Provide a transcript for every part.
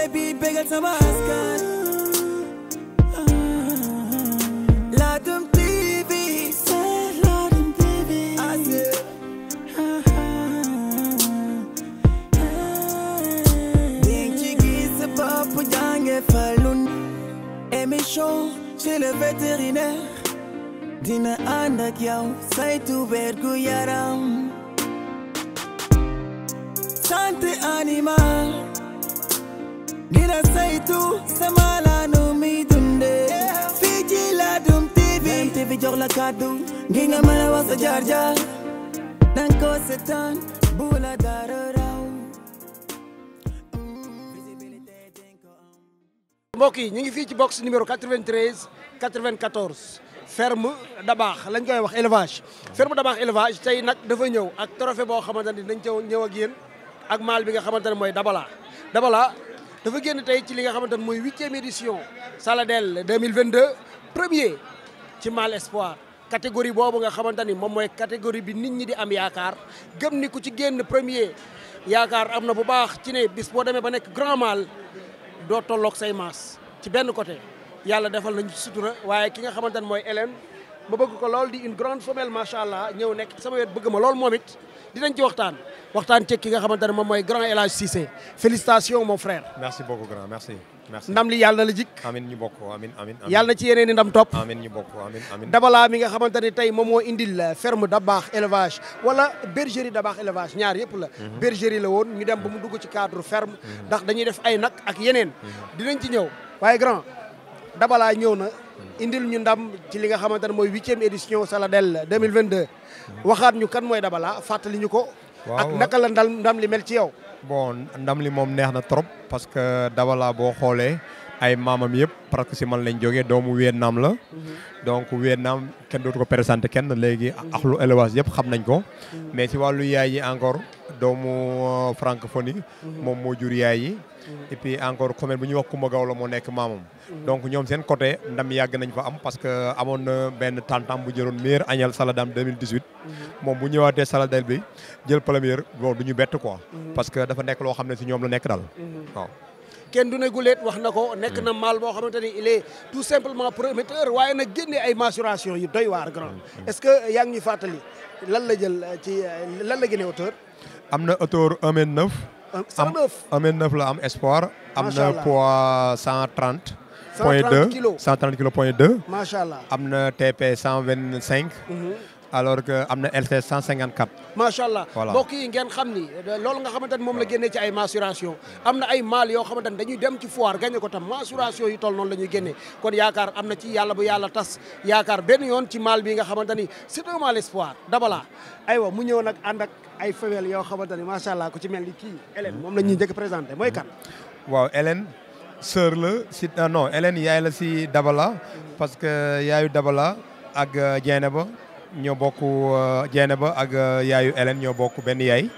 xale bi bégal sama askan Ladoum TV ding ci gis sa bopp jànge falun émission chez le vétérinaire dina ànd ak yow yaram santé animal dina saytu sama laanu mi dunde fii ci Ladoum TV jox la kàddu ngi nga mën a wax sa jaar jaar danga ko seetaan bu dara raw mbokk yi ñu ngi fii ci box numéro 93 94 ferme Dabakh lañ koy wax élevage ferme dabaax élevage tey nag dafa ñëw ak trophée boo xamante ne dañ ca ñëw ak yéen ak maal bi nga xamante ne mooy Dabala Dabala dafa génn tey ci li nga xamante ne mooy huitième édition Saladel 2022 premier ci Mal Espoir catégorie boobu nga xamante ni moom mooy catégorie bi nit ñi di am yaakaar gëm ni ku ci génn premier yaakaar am na bu baax ci ne bis boo demee ba nekk grand mal doo tolloog say maas ci benn côté yàlla defal nañu sutura waaye ki nga xamante ne mooy Hélène ma bëgg ko lool di une grande femelle macha allah ñëw nekk sama wet bëgg ma lool moom it dinañ ci waxtaan waxtaan ceeg ki nga xamante ne moom mooy grand El Hadj Cissé félicitations mon frère. merci beaucoup grand merci. merci ndam li yàlla na la jik amiin ñu bokk amiin ci yeneen i ndam topp amiin ñu bokk amiin amiin dabalaa mi nga xamante ne tey moom moo indil euh, ferme Dabakh élevage bergerie Dabakh élevage ñaar yëpp la mhm. bergerie la woon ñu dem ba mu dugg ci cadre ferme mhm. ndax dañuy def ay nag ak yeneen mhm. dinañ ci ñëw waaye grand dabalaa ñëw na indil ñu ndam ci li nga xamante ne mooy huitième édition Saladel 2022 waxaat ñu kan mooy Dabala fàttali ñu ko. ak naka la ndam li mel ci yow. bon ndam li moom neex na trop parce que Dabala boo xoolee ay maamam yëpp presque si man lañ jógee doomu Vietnam la. Mhm. donc naam kenn dootu ko présenté kenn léegi ak lu élevage yëpp xam nañ ko. Mhm. mais ci wàllu yaay yi encore doomu euh, francophonie mhm. moom moo jur yaay yi. et puis encore commune bu ñuy wax Kumba Gawlo moo nekk maamam. donc ñoom seen côté ndam yàgg nañ fa am parce amoon na benn tantam bu jëloon meilleur agnel Saladam moom bu ñëwaatee Saladel bi jël premier bon du ñu bett quoi. parce dafa nekk loo xam ne si ñoom la nekk daal kenn du ne guleet wax na ko nekk na maal boo xamante ni il est tout simplement prometteur waaye nag génne ay mensurations yu doy waar grand est-ce que yaa ngi fàttali lan jël ci lan la génne un mètre neuf la am espoir. am na poids cent trente. point deux cent trente kilos point deux. macha allah am na TP cent vingt cinq. Mhm. alors que am na LCS 154. macha allah voilà mbokk ngeen xam ni euh, loolu nga xamante ni moom la génnee ci ay mensuration am na ay maal yoo xamante ni dañuy dem ci foire gagné ko tam mensuration yu toll noonu la ñuy génnee kon yaakaar am na ci yàlla bu yàlla tas yaakaar benn yoon ci maal bi nga xamante ni c'est un mal espoir dabala aywa mu ñëw nag ànd ak ay femelle yoo xamante ni macha allah ku ci mel ni kii Hélène moom la ñuy njëkk présenté moo kan. waaw Hélène sœur la si ah non Hélène yaay la si Dabala mhm. parce que yaayu Dabala ak euh, Dieynaba ñoo bokk euh, ba ak euh, yaayu Hélène ñoo bokk benn yaay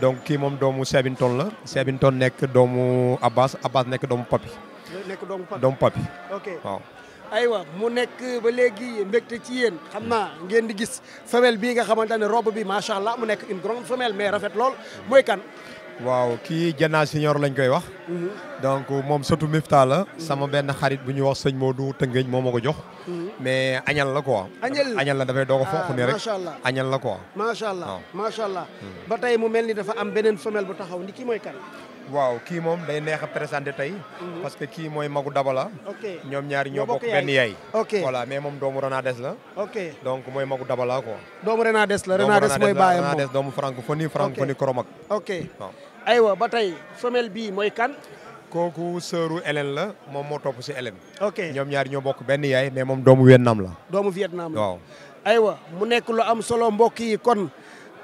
donc kii moom doomu Sebinton la Sebinton nekk doomu Abbas Abbas nekk doomu Papi. nekk doomu Papi doomu Papi. ok waaw. aywa mu nekk ba léegi mbégte ci yéen xam naa ngeen di gis femelle bi nga xamante ne robe bi macha allah mu nekk une grande femelle mais rafet lool mooy kan. waaw kii Diena Senior lañ koy wax. Mm-hmm. donc moom surtout Mifta la. Mm-hmm. sama benn xarit bu ñuy wax sëñ Modou Tëngéej moo ma ko jox. Mm-hmm. mais añal la ko añal la añal la dafay doog a ah, foofu ne rek allah añal la ko macha allah macha allah. Mm. ba tey mu mel ni dafa am beneen femelle bu taxaw ni kii mooy kan. waaw kii moom day neex a présenté tey. Mhm. parce que kii mooy Magu Dabala. ok ñoom ñaari ñoo bokk benn yaay. ok voilà mais moom doomu Renades la. ok donc mooy Magu Dabala quoi. doomu Renades la Renades mooy baayam moom Renades doomu francophonie francophonie Koromak. ok waaw aywa ba tey femelle bii mooy kan. kooku sëru Hélène la moom moo topp si Hélène. ok ñoom ñaari ñoo bokk benn yaay mais moom doomu Vietnam la. doomu Vietnam la waaw. aywa mu nekk lu am solo mbokk yi kon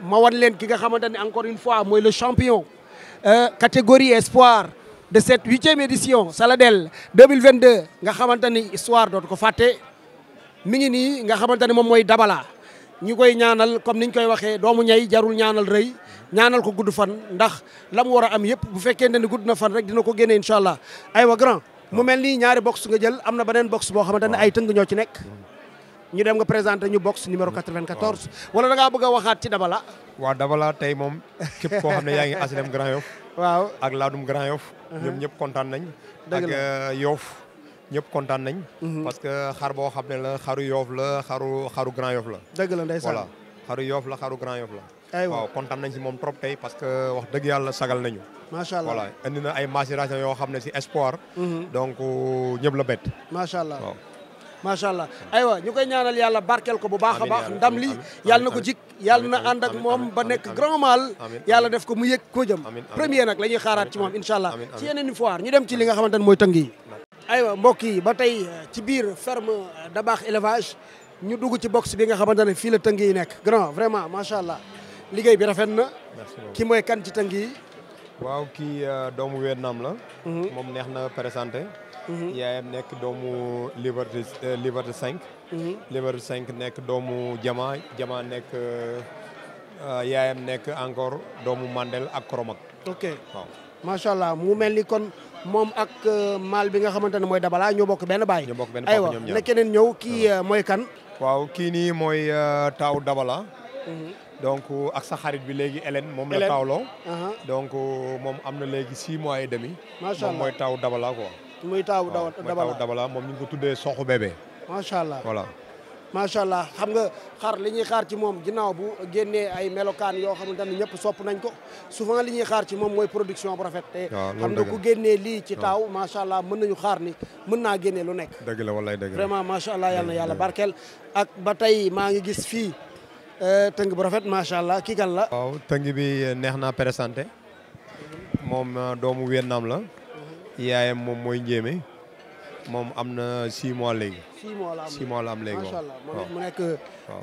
ma wan leen ki nga xamante ne encore une fois mooy le champion. Euh, catégorie espoir de cette huitième édition Saladel 2022 nga xamante ni histoire dootu ko fàtte mi ngi nii nga xamante ni moom mooy Dabala ñu koy ñaanal comme niñ koy waxee doomu ñay jarul ñaanal rëy ñaanal ko gudd fan ndax la mu war a am yëpp bu fekkee ne gudd na fan rek dina ko génne incha allah aywa grand mu mel nii ñaari box nga jël am na beneen box boo xamante ne ay tëng ñoo ci nekk ñu dem nga présenté ñu box numéro 94. Mm. wala da ngaa bëgg a waxaat ci Dabala. waaw Dabala tey moom képp koo xam ne yaa ngi HLM Grand Yoff. waaw ak Laadum Grand Yoff. Uh-huh. ñoom ñëpp kontaan nañ. ak euh, Yoff ñëpp kontaan nañ. Mm-hmm. parce que xar boo xam ne la xaru Yoff la xaru xaru Grand Yoff la. dëgg la ndeysaan voilà xaru Yoff la xaru Grand Yoff la. aywa kontaan nañ si moom trop tey parce que wax dëgg yàlla sagal nañu. macha allah voilà na ay macération yoo xam ne si espoir. Mm-hmm. donc euh, ñëpp la bett. macha allah aywa ñu koy ñaanal yàlla barkeel ko bu baax a baax ndam li yàlla na ko jik yàlla na ànd ak moom ba nekk grand mal yàlla def ko mu yëg koo jëm premier nag la ñuy xaaraat ci moom incha allah ci yeneen foire ñu dem ci li nga xamante ne mooy tëng yi aywa mbokk yi ba tey euh, ci biir ferme euh, baax élevage ñu dugg ci box bi nga xamante ne fii la tëng yi nekk grand vraiment macha allah liggéey bi rafet na ki mooy kan ci tëng yi waaw kii euh, doomu Vietnam la mhm. moom neex na présenté Mm-hmm. yaayam nekk doomu Liberté euh, Liberté cinq mm-hmm. Liberté 5 nekk doomu Jama Jama nekk euh, yaayam nekk encore doomu Mandel ak Koromak. ok waaw macha allah mu mel ni kon moom ak euh, maal bi nga xamante ne mooy Dabala ñoo bokk benn baay. ñoo bokk benn aywa na keneen ñëw kii mooy kan. waaw kii nii mooy taaw Dabala. Mm-hmm. donc ak sa xarit bi léegi Hélène moom la taawloo uh-huh. donc moom am na léegi six mois et demi. moom mooy taaw Dabala quoi. muy taawu dabala dabala moom ñu ngi ko tuddee soxu bébé. macha allah voilà. macha allah xam nga xar li ñuy xaar ci moom ginnaaw bu génnee ay melokaan yoo xamante ne ñëpp sopp nañ ko souvent li ñuy xaar ci moom mooy production bu rafet. te xam nga ku génnee lii ci taaw macha allah mën nañu xaar ni mën naa génnee lu nekk. dëgg la wallaay dëgg la vraiment macha allah yal yàlla barkeel. ak ba tey maa ngi gis fii euh, tëng bu rafet macha allah kii kan la. waaw tëng bi neex naa présenté moom euh, doomu Vietnam la. yaayam moom mooy njéemé moom am na six mois léegi. six mois la am léegi macha allah moom mu nekk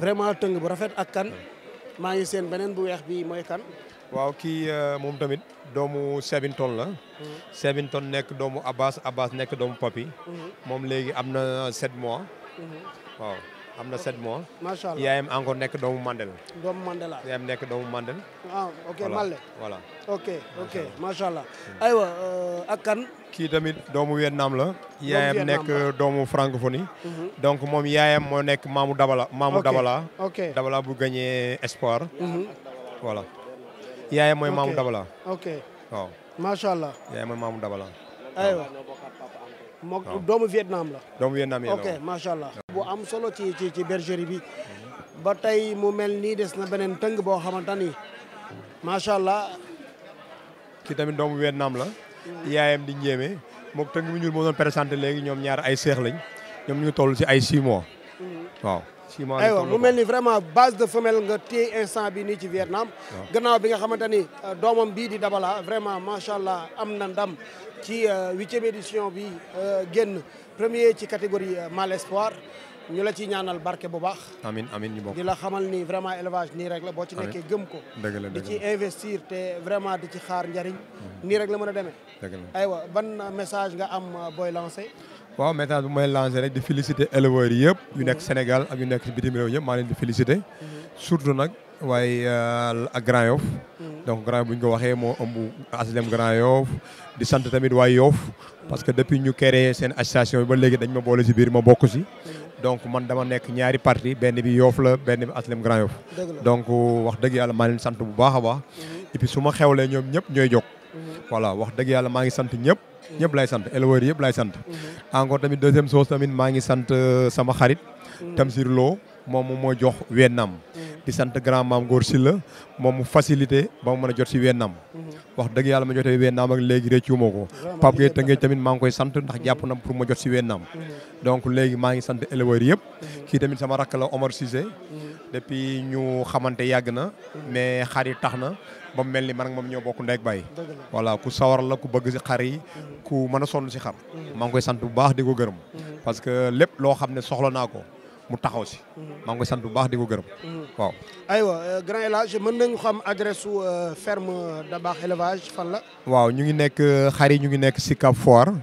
vraiment tëng bu rafet ak kan. maa ngi seen beneen bu weex bi mooy kan. waaw kii euh, moom tamit doomu Sebinton la. Hmm. Sebinton nekk doomu Abbas Abbas nekk doomu Papi. Hmm. moom léegi am na sept mois. Hmm. waaw. am na sept mois. macha allah yaayam encore nekk doomu Mandela. doomu Mandela yaayam nekk doomu Mandela. ah ok Mbale ok ok macha allah. aywa euh, ak kan. kii tamit doomu Vietnam la. yaayam nekk doomu francophonie. Mhm. donc moom yaayam moo nekk maamu Dabala maamu Dabala. ok Dabala bu gagné espoir. Mhm. voilà yaayam mooy maamu Dabala. ok waaw macha allah. yaayam mooy maamu Dabala. moom ah. doomu Vietnam la. doomu Vietnam la ok macha allah. bu am solo ci ci ci bergerie bi. ba tey mu mel nii des na beneen tëng boo xamante ni macha allah. ki tamit doomu Vietnam la. yaayam di njéeme moom tëng bi ñuul moo doon présenté léegi ñoom ñaar ay seex lañ ñoom ñu ngi toll si ay 6 mhm. waaw. aywa mu mel ni vraiment base de femelle nga téye instant bi nii ci Vietnam gannaaw bi nga xamante ni euh, doomam bii di Dabala vraiment macha allah am na ndam ci euh, huitième édition bi euh, génn premier ci catégorie mâle espoir ñu la ci ñaanal barke bu baax. amiin amiin ñu bokk di la xamal ni vraiment élevage nii rek la boo ci nekkee gëm ko. di ci investir te vraiment di ci xaar njariñ. Mm-hmm. nii rek la mën a demee. aywa ban message nga am booy lancé. waaw message bu may lancé rek di féliciter éleveurs yëpp yu nekk mhm. Sénégal ak yu nekk ci bitim réew yëpp maa leen di féliciter mhm. surtout nag waaye euh, ak Grand Yoff mhm. donc Grand Yoff bu ñu ko waxee moo ëmb aslem Grand Yoff di sant tamit waa Yoff parce que depuis ñu créé seen association bi ba léegi dañ ma boole si biir ma bokk ci donc man dama nekk ñaari parti benn bi Yoff la benn bi aslem Grand Yoff donc wax dëgg yàlla maa leen sant bu baax a baax et su ma xew lee ñoom ñëpp ñooy jóg voilà wax dëgg yàlla maa ngi sant ñëpp ñëpp lay sant éleveurs yëpp lay sant. encore tamit deuxième chose tamit maa ngi sant euh, sama xarit. Tamsir Lo moom moo jox wennam di sant grand maam si la moom mu facilité ba mu mën a jot si wennam wax dëgg yàlla ma jotee wennam ak léegi réccu ma ko Pape Gueye Tëngéej tamit maa ngi koy sant ndax jàpp na pour ma jot si wennam donc léegi maa ngi sant éleveurs yëpp. kii tamit sama rakk la Omar Cissé. Mm-hmm. depuis ñu xamante yàgg na. Mm-hmm. mais xarit tax na. ba mu mel ni man ak moom ñoo bokk ndeeg bay voilà ku sawar la ku bëgg si xar yi ku mën a sonn si xam mm-hmm. maa ngi koy sant bu baax di ko gërëm mm-hmm. parce que lépp loo xam ne soxla naa ko mu taxaw si mm-hmm. maa koy sant bu baax di ko gërëm waaw aywa euh, grand élevage mën nañu xam adresse su euh, ferme Dabakh élevage fan la waaw ñu ngi nekk euh, xar yi ñu ngi nekk si Cap Foire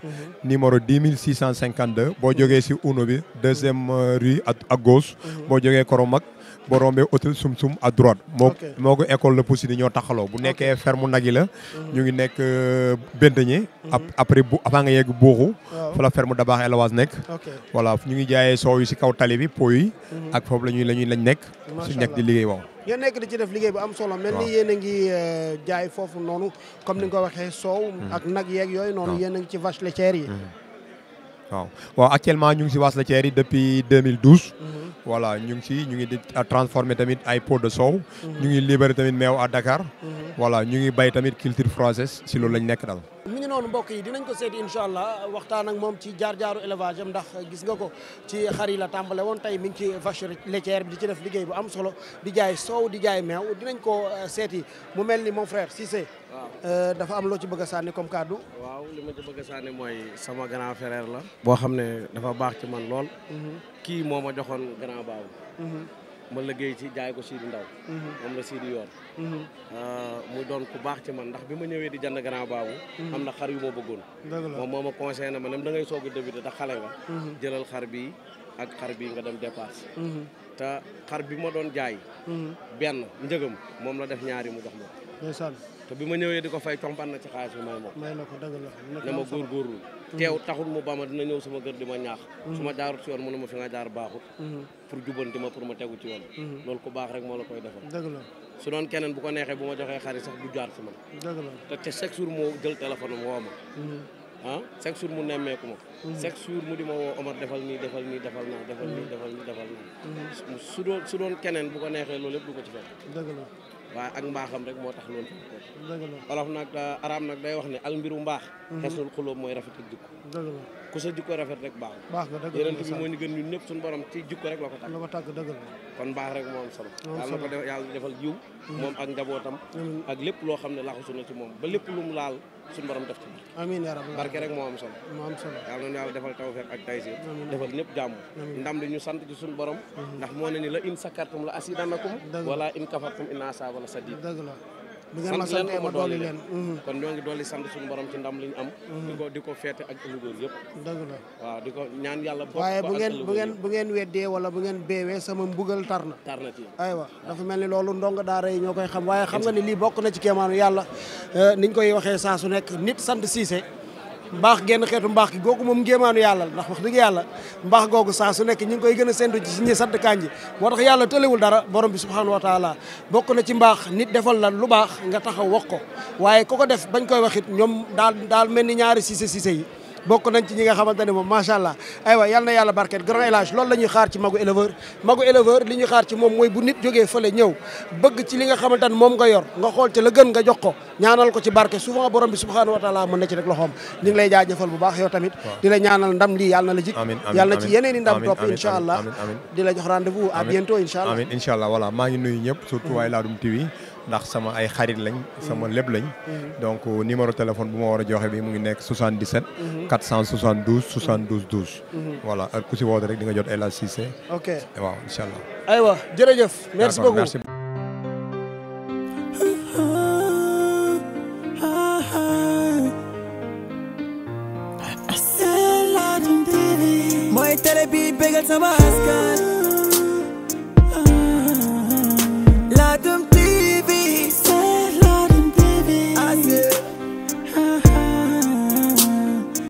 numéro 10652 boo jógee si uno bi deuxième rue ak gauche boo jógee Koromak boo rombee hôtel sum-sum a droite moo moo ko école la poussi ni ñoo taxaloo bu nekkee ferme nag yi la mm-hmm. ñu ngi nekk euh, benteñe mm-hmm. après bu avant nga yegg buuxu fa la ferme dabaax élevage nekk voilà ñu ngi jaayee soow yi si kaw tali bi po yi mm-hmm. ak foofu la ñuy la ñuy lañ nekk suñ nekk di liggéey waaw nekk di ci def liggéey bu am solo mel ni yéen a ngi euh, jaay foofu noonu comme ni nga ko waxee soow ak nag yeeg yooyu noonu yéen a ngi ci vache laitière yi waaw waaw actuellement ñu ngi si vache laitière yi depuis 2012 voilà ñu ngi fii ñu ngi di transformé tamit ay pot de sow. Mhm. ñu ngi libéré tamit meew à Dakar. Mhm. voilà ñu ngi bay tamit culture française si loolu lañ nekk daal. mi ngi noonu mbokk yi dinañ ko seeti incha allah waxtaan ak moom ci jaar-jaaru élevage am ndax gis nga ko ci xar yi la tàmbale woon tey mi ngi ci vache laitière bi di ci def liggéey bu am solo di jaay soow di jaay meew dinañ ko euh, seeti mu mel ni mon frère Cissé. waaw euh, dafa am loo ci bëgg sànni comme kaddu. waaw li ma ci bëgg a sànni mooy sama grand frère la. boo xam ne dafa baax ci man lool. Mhm. kii moo ma joxoon grand baabu. Mhm. ma liggéey ci jaay ko Sidi Ndaw mhm. moom la Sidi yoon mhm. ah, mu doon ku baax ci man ndax bi ma ñëwee di jënd grand baabu mhm. am na xar yu ma bëggoon moom moo ma conseillé ma nem da ngay soog a débuté te xale nga jëlal xar bii ak xar bii nga dem dépasse te xar bi ma doon jaay benn njëgam moom la def ñaari mu dox ma te bi ma ñëwee di ko fay compan na ci xaalis bi may ma may la ko dëgg la ne ma mm-hmm. mu ba ma dina ñëw sama kër di ma ñaax su ma mm-hmm. jaarut ci yoon mu ne ma fi nga jaar baaxut mm-hmm. pour jubanti ma pour ma tegu ci yoon loolu ku baax rek moo la koy defal dëgg la su bu ko neexee bu ma joxee xarit sax du jaar ci man dëgg jour moo jël téléphone am woo ma ah chaque jour mu nemmeeku ma chaque jour mu di ma woo defal nii defal nii defal naa defal nii defal nii su doon su keneen bu ko neexee loolu yëpp du ko ci fekk dëgg la waaye ak mbaaxam rek moo tax loolu ko olof nag araam nag day wax ne al mbiru mbaax mhm. xesul xulóob mooy rafet ak jikko ku sa jikko rafet rek baax yeneen bi moo ñu gën ñun ñëpp suñu borom ci jikko rek la ko tàgg dëgg la kon baax rek moo am solo yàlla na ko def yàlla defal jiw mhm. moom ak njabootam ak lépp loo xam ne laxasu na ci moom ba lépp lu mu laal suñu borom def ci barke amiin yaa rabbi barke rek moo am solo moo am solo yàlla noonu yàlla defal tawfeex ak taysir defal ñëpp jàmm ndam li ñu sant ci suñu borom ndax moo ne ni la in sakartum la asidannakum wala in kafartum inna asaaba la sadid dëgg la bu ngeen ma santee ma dolli leen mm-hmm. kon ñoo ngi dolli sant suñu borom ci ndam li ñu am di ko ko feete ak ëllëgoon yëpp dëgg la waaw di ko ñaan yàlla waaye bu ngeen bu ngeen bu ngeen weddee wala bu ngeen beewee sama mbugal tar na tar na ci aywa dafa mel ni loolu ndong daara yi ñoo koy xam waaye xam nga ni lii bokk na ci kéemaanu yàlla eh, niñ koy waxee saa su nekk nit sant Cissé mbaax genn xeetu mbaax gi googu moom ngéemaanu yàlla ndax wax dëgg yàlla mbaax googu saa su nekk ñu ngi koy gën a séntu ci ñi sant kanji moo tax yàlla tëlewul dara borom bi subhanahu wa taala bokk na ci mbaax nit defal la lu baax nga taxaw wax ko waaye ku ko def bañ koy wax it ñoom daal daal mel ni ñaari siise siise yi bokk nañ ci ñi nga xamante ne moom macha allah aywa yal na yàlla barket grand élage loolu la xaar ci magu éleveur magu éleveur li ñuy xaar ci moom mooy bu nit jógee fële ñëw bëgg ci li nga xamante ne moom nga yor nga xool ci la nga jox ko ñaanal ko ci barke souvent borom bi subhanahu wa taala mën na ci rek loxoom ñu ngi lay jaajëfal bu baax yow tamit di la ñaanal ndam lii yàlla na la jik yàlla na ci yeneen ndam topp incha allah di la jox rendez-vous à bientôt incha allah amin incha ñëpp surtout mm-hmm. waaye ndax sama ay xarit lañ. sama mm-hmm. lépp lañ. Mm-hmm. donc euh, numéro téléphone bu ma war a joxe bi mu ngi nekk 77. 472 72 12. voilà heure ku si woote rek di nga jot El Hadj Cissé. ok waaw incha allah. aywa jërëjëf. merci beaucoup merci. mooy télé bi sama.